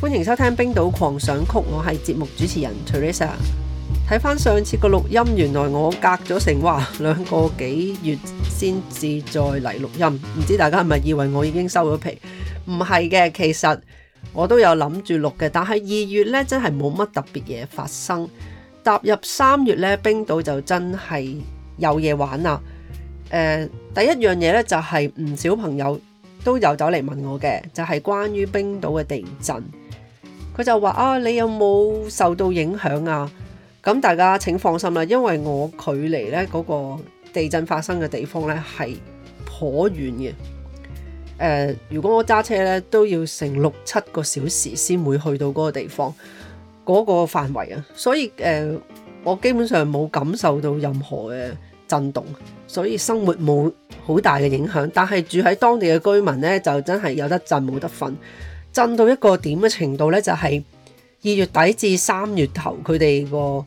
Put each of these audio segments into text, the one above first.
歡迎收聽冰島狂想曲，我係節目主持人 Teresa。睇翻上次個錄音，原來我隔咗成哇兩個幾月先至再嚟錄音，唔知大家係咪以為我已經收咗皮？唔係嘅，其實我都有諗住錄嘅，但係二月呢，真係冇乜特別嘢發生。踏入三月呢，冰島就真係有嘢玩啦。呃，第一樣嘢呢，就係、是、唔少朋友都有走嚟問我嘅，就係、是、關於冰島嘅地震。佢就話：啊，你有冇受到影響啊？咁大家請放心啦，因為我距離咧嗰個地震發生嘅地方咧係頗遠嘅。誒，如果我揸車咧都要成六七個小時先會去到嗰個地方嗰個範圍啊，所以誒，我基本上冇感受到任何嘅震動，所以生活冇好大嘅影響。但係住喺當地嘅居民咧，就真係有得震冇得瞓。震到一個點嘅程度呢，就係二月底至三月頭，佢哋個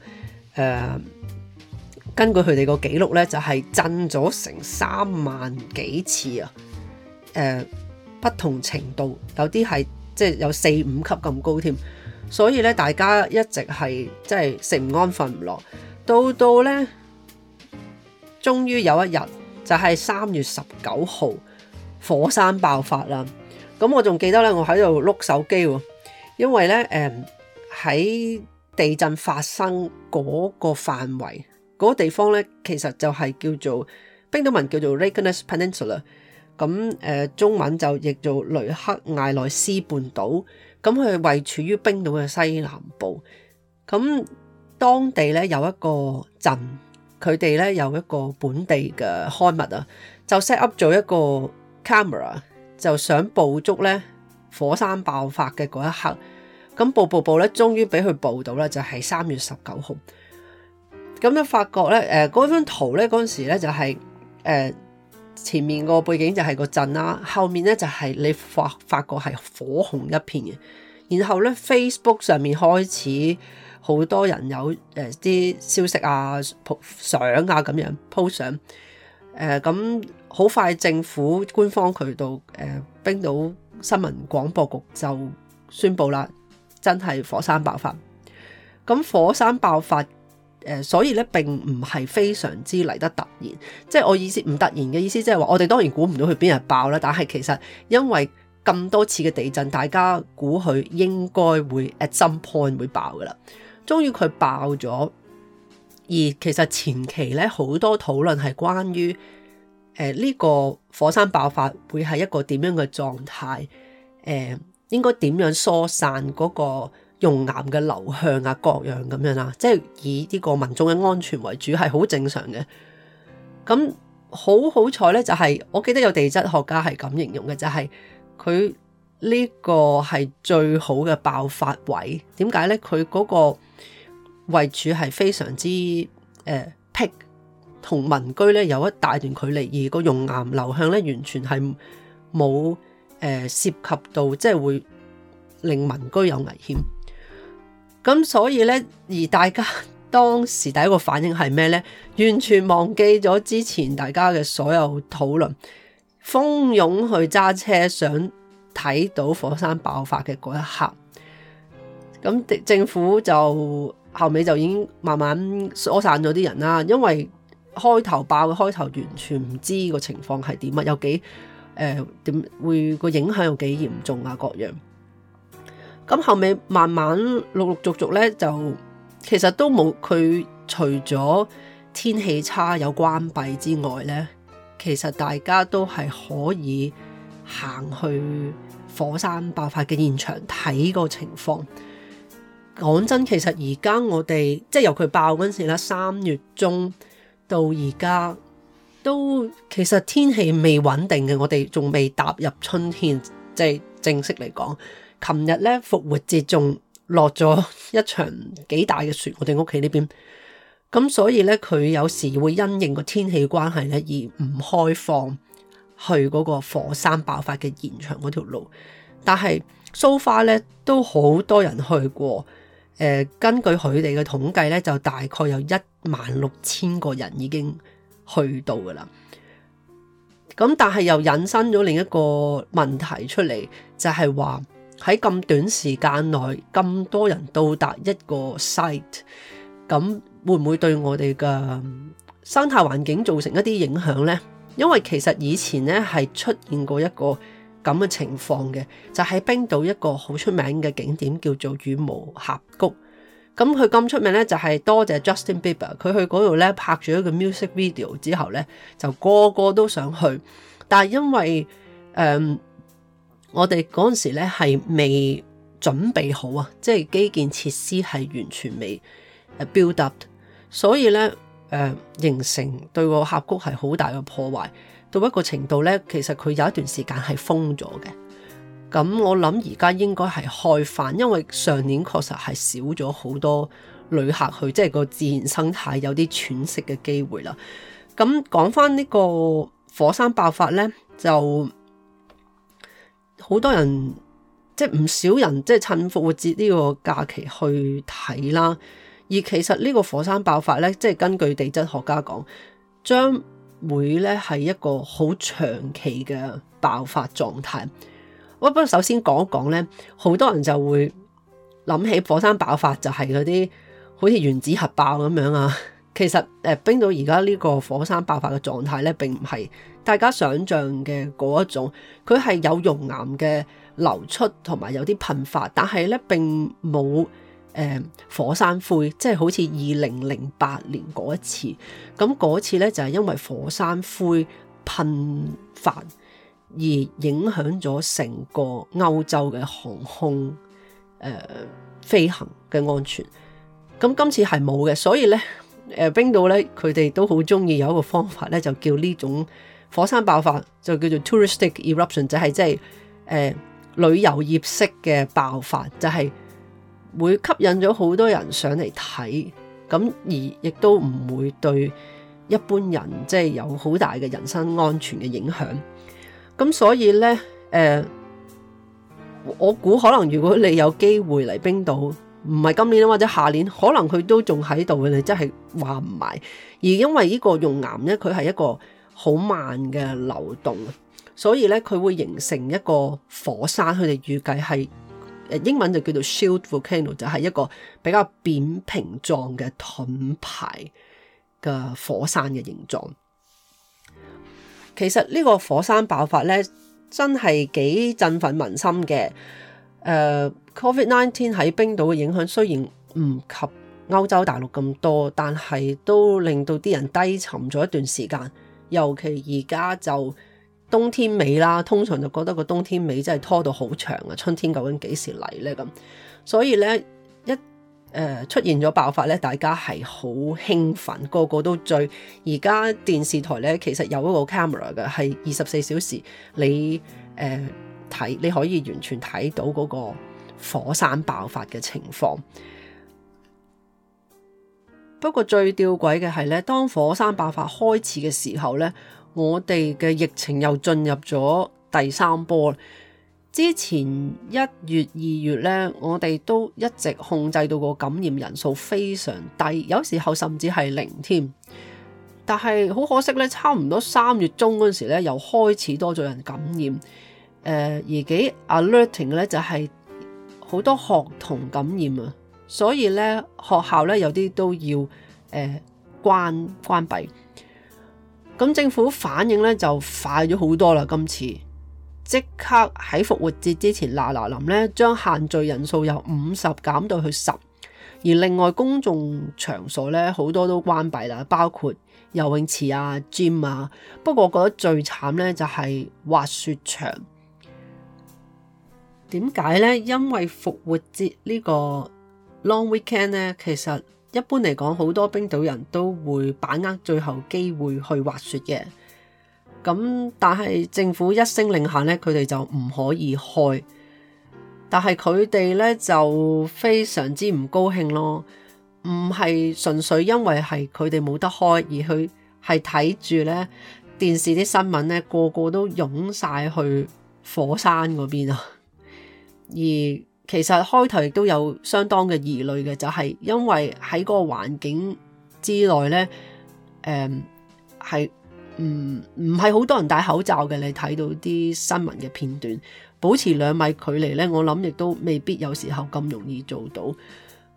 誒根據佢哋個記錄呢，就係震咗成三萬幾次啊！誒不同程度，有啲係即係有四五級咁高添，所以呢，大家一直係即係食唔安、瞓唔落，到到呢，終於有一日就係三月十九號火山爆發啦！咁我仲記得咧，我喺度碌手機喎、哦，因為咧，誒、嗯、喺地震發生嗰個範圍嗰、那個地方咧，其實就係叫做冰島文叫做 Reykjanes Peninsula，咁、嗯、誒、嗯、中文就譯做雷克艾萊斯半島，咁、嗯、佢位處於冰島嘅西南部，咁、嗯、當地咧有一個鎮，佢哋咧有一個本地嘅刊物啊，就 set up 咗一個 camera。就想捕捉咧火山爆發嘅嗰一刻，咁步步步咧，終於俾佢捕到啦，就係、是、三月十九號。咁咧發覺咧，誒嗰張圖咧嗰陣時咧就係誒前面個背景就係個鎮啦，後面咧就係、是、你發發覺係火紅一片嘅。然後咧 Facebook 上面開始好多人有誒啲、呃、消息啊、鋪相啊咁樣 po 相。誒咁好快，政府官方渠道誒、呃、冰島新聞廣播局就宣布啦，真係火山爆發。咁、嗯、火山爆發誒、呃，所以咧並唔係非常之嚟得突然，即係我意思唔突然嘅意思，即係話我哋當然估唔到佢邊日爆啦。但係其實因為咁多次嘅地震，大家估佢應該會 at some point 會爆㗎喇。終於佢爆咗。而其實前期咧好多討論係關於誒呢個火山爆發會係一個點樣嘅狀態？誒、呃、應該點樣疏散嗰個熔岩嘅流向啊、各樣咁樣啦，即係以呢個民眾嘅安全為主，係好正常嘅。咁好好彩咧，就係、係、我記得有地質學家係咁形容嘅，就係佢呢個係最好嘅爆發位。點解咧？佢嗰、嗰個位處係非常之誒僻同民居咧有一大段距離，而個熔岩流向咧完全係冇誒涉及到，即係會令民居有危險。咁所以咧，而大家當時第一個反應係咩咧？完全忘記咗之前大家嘅所有討論，蜂擁去揸車想睇到火山爆發嘅嗰一刻。咁政府就。後尾就已經慢慢疏散咗啲人啦，因為開頭爆，開頭完全唔知個情況係點啊，有幾誒點、呃、會個影響有幾嚴重啊，各樣。咁後尾慢慢陸陸續續咧，就其實都冇佢除咗天氣差有關閉之外咧，其實大家都係可以行去火山爆發嘅現場睇個情況。講真，其實而家我哋即係由佢爆嗰陣時咧，三月中到而家都其實天氣未穩定嘅，我哋仲未踏入春天，即係正式嚟講。琴日咧，復活節仲落咗一場幾大嘅雪，我哋屋企呢邊。咁所以咧，佢有時會因應個天氣關係咧，而唔開放去嗰個火山爆發嘅現場嗰條路。但係 so far 咧都好多人去過。根據佢哋嘅統計咧，就大概有一萬六千個人已經去到㗎喇。咁但係又引申咗另一個問題出嚟，就係話喺咁短時間內咁多人到達一個 site，咁會唔會對我哋嘅生態環境造成一啲影響呢？因為其實以前咧係出現過一個。咁嘅情況嘅，就係冰島一個好出名嘅景點叫做羽毛峽谷。咁佢咁出名呢，就係多謝 Justin Bieber，佢去嗰度呢，拍咗一個 music video 之後呢，就個個都想去。但係因為誒，我哋嗰陣時呢係未準備好啊，即係基建設施係完全未 build up，所以呢，誒，形成對個峽谷係好大嘅破壞。到一個程度咧，其實佢有一段時間係封咗嘅。咁我諗而家應該係開翻，因為上年確實係少咗好多旅客去，即係個自然生態有啲喘息嘅機會啦。咁講翻呢個火山爆發咧，就好多人即係唔少人即係趁復活節呢個假期去睇啦。而其實呢個火山爆發咧，即係根據地質學家講，將會咧，係一個好長期嘅爆發狀態。不過首先講一講咧，好多人就會諗起火山爆發就係嗰啲好似原子核爆咁樣啊。其實誒，冰島而家呢個火山爆發嘅狀態咧，並唔係大家想象嘅嗰一種。佢係有熔岩嘅流出，同埋有啲噴發，但係咧並冇。誒、嗯、火山灰，即係好似二零零八年嗰一次，咁嗰次咧就係、是、因為火山灰噴發而影響咗成個歐洲嘅航空誒、呃、飛行嘅安全。咁今次係冇嘅，所以咧誒、呃、冰島咧佢哋都好鍾意有一個方法咧，就叫呢種火山爆發就叫做 touristic eruption，就係即係誒、呃、旅遊業式嘅爆發，就係、是。會吸引咗好多人上嚟睇，咁而亦都唔會對一般人即係、就是、有好大嘅人身安全嘅影響。咁所以呢，誒、呃，我估可能如果你有機會嚟冰島，唔係今年或者下年，可能佢都仲喺度嘅，你真係話唔埋。而因為呢個熔岩呢，佢係一個好慢嘅流動，所以呢，佢會形成一個火山，佢哋預計係。英文就叫做 Shield volcano，就係一個比較扁平狀嘅盾牌嘅火山嘅形狀。其實呢個火山爆發咧，真係幾振奮民心嘅。誒，uh，COVID-19 喺冰島嘅影響雖然唔及歐洲大陸咁多，但係都令到啲人低沉咗一段時間，尤其而家就。冬天尾啦，通常就覺得個冬天尾真係拖到好長啊！春天究竟幾時嚟呢？咁，所以呢，一誒、呃、出現咗爆發呢，大家係好興奮，個個都追。而家電視台呢，其實有一個 camera 嘅係二十四小時，你誒睇、呃、你可以完全睇到嗰個火山爆發嘅情況。不過最吊詭嘅係呢，當火山爆發開始嘅時候呢。我哋嘅疫情又進入咗第三波。之前一月、二月呢，我哋都一直控制到個感染人數非常低，有時候甚至係零添。但係好可惜呢，差唔多三月中嗰陣時咧，又開始多咗人感染。誒、呃、而幾 alerting 呢，就係、是、好多學童感染啊，所以呢，學校呢，有啲都要誒、呃、關關閉。咁政府反應咧就快咗好多啦！今次即刻喺復活節之前嗱嗱臨咧，將限聚人數由五十減到去十，而另外公眾場所咧好多都關閉啦，包括游泳池啊、gym 啊。不過我覺得最慘咧就係滑雪場，點解咧？因為復活節呢個 long weekend 咧，其實。一般嚟講，好多冰島人都會把握最後機會去滑雪嘅。咁但係政府一聲令下咧，佢哋就唔可以開。但係佢哋咧就非常之唔高興咯，唔係純粹因為係佢哋冇得開，而去係睇住咧電視啲新聞咧，個個都湧晒去火山嗰邊啊，而。其實開頭亦都有相當嘅疑慮嘅，就係、是、因為喺嗰個環境之內呢，誒係唔唔係好多人戴口罩嘅。你睇到啲新聞嘅片段，保持兩米距離呢，我諗亦都未必有時候咁容易做到。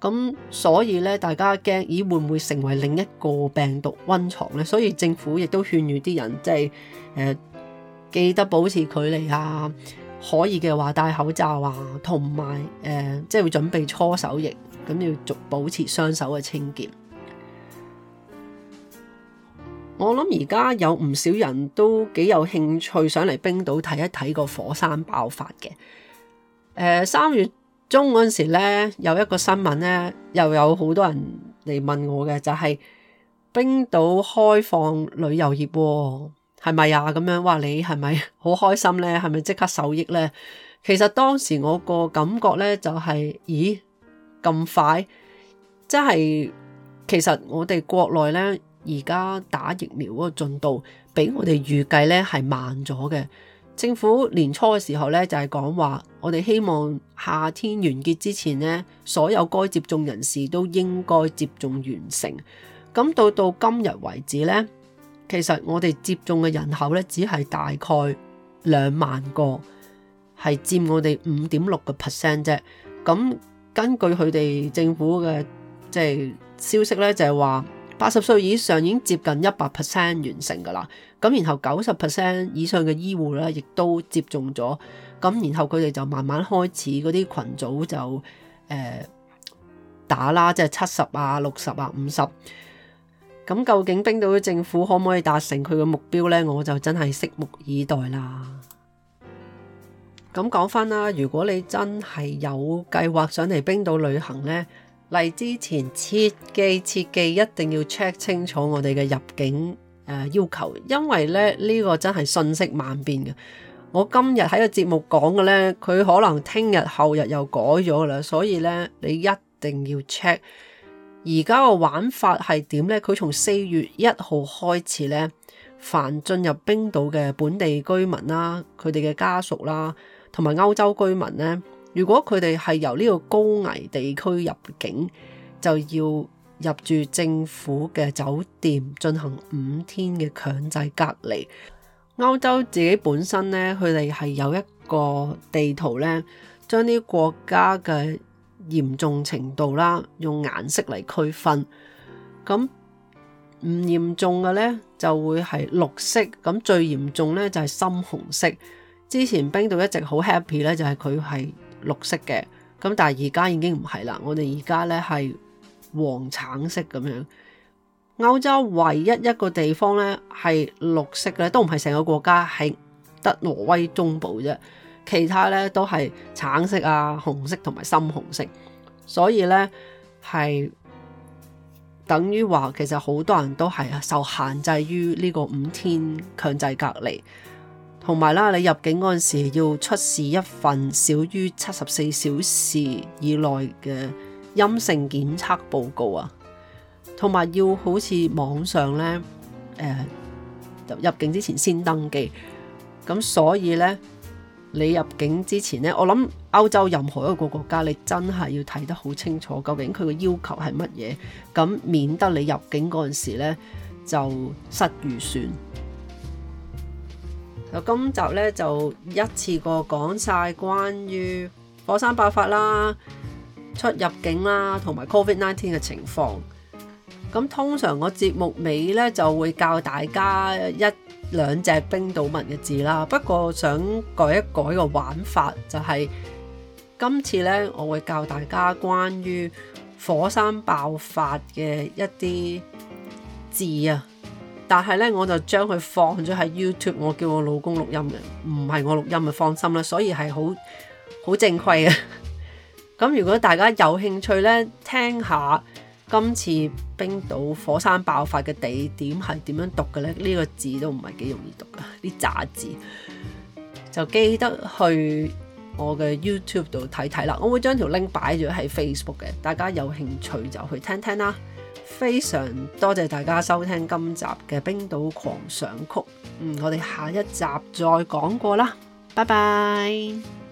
咁所以呢，大家驚咦會唔會成為另一個病毒溫床呢？所以政府亦都勸喻啲人即係誒、嗯、記得保持距離啊。可以嘅話戴口罩啊，同埋誒，即係會準備搓手液，咁要保持雙手嘅清潔。我諗而家有唔少人都幾有興趣上嚟冰島睇一睇個火山爆發嘅。誒、呃，三月中嗰陣時呢，有一個新聞呢，又有好多人嚟問我嘅，就係、是、冰島開放旅遊業喎。係咪呀？咁樣、啊，哇！你係咪好開心呢？係咪即刻受益呢？其實當時我個感覺呢，就係、是，咦咁快，即係其實我哋國內呢，而家打疫苗嗰個進度，比我哋預計呢係慢咗嘅。政府年初嘅時候呢，就係、是、講話，我哋希望夏天完結之前呢，所有該接種人士都應該接種完成。咁到到今日為止呢。其實我哋接種嘅人口咧，只係大概兩萬個，係佔我哋五點六個 percent 啫。咁、嗯、根據佢哋政府嘅即係消息咧，就係話八十歲以上已經接近一百 percent 完成噶啦。咁然後九十 percent 以上嘅醫護咧，亦都接種咗。咁然後佢哋就慢慢開始嗰啲群組就誒、呃、打啦，即係七十啊、六十啊、五十。咁究竟冰島嘅政府可唔可以達成佢嘅目標呢？我就真係拭目以待啦。咁講返啦，如果你真係有計劃想嚟冰島旅行呢，嚟之前切記切記一定要 check 清楚我哋嘅入境、呃、要求，因為咧呢、呢個真係瞬息萬變嘅。我今日喺個節目講嘅呢，佢可能聽日後日又改咗啦，所以呢，你一定要 check。而家個玩法係點呢？佢從四月一號開始呢，凡進入冰島嘅本地居民啦、佢哋嘅家屬啦、同埋歐洲居民呢，如果佢哋係由呢個高危地區入境，就要入住政府嘅酒店進行五天嘅強制隔離。歐洲自己本身呢，佢哋係有一個地圖呢，將啲國家嘅。嚴重程度啦，用顏色嚟區分。咁唔嚴重嘅呢就會係綠色，咁最嚴重呢就係深紅色。之前冰島一直好 happy 咧，就係佢係綠色嘅。咁但係而家已經唔係啦，我哋而家呢係黃橙色咁樣。歐洲唯一一個地方呢係綠色嘅，都唔係成個國家，係得挪威中部啫。其他咧都係橙色啊、紅色同埋深紅色，所以咧係等於話其實好多人都係受限制於呢個五天強制隔離，同埋啦，你入境嗰陣時要出示一份少於七十四小時以內嘅陰性檢測報告啊，同埋要好似網上咧誒、呃、入境之前先登記，咁所以咧。你入境之前呢，我諗歐洲任何一個國家，你真係要睇得好清楚，究竟佢個要求係乜嘢，咁免得你入境嗰陣時呢就失預算。今集呢，就一次過講晒關於火山爆發啦、出入境啦，同埋 COVID-19 嘅情況。咁通常我節目尾呢，就會教大家一兩隻冰島文嘅字啦，不過想改一改個玩法，就係今次呢，我會教大家關於火山爆發嘅一啲字啊。但係呢，我就將佢放咗喺 YouTube，我叫我老公錄音嘅，唔係我錄音啊，放心啦。所以係好好正規啊。咁 如果大家有興趣呢，聽下。今次冰島火山爆發嘅地點係點樣讀嘅呢？呢個字都唔係幾容易讀嘅，啲雜字就記得去我嘅 YouTube 度睇睇啦。我會將條 link 擺咗喺 Facebook 嘅，大家有興趣就去聽聽啦。非常多謝大家收聽今集嘅《冰島狂想曲》，嗯，我哋下一集再講過啦，拜拜。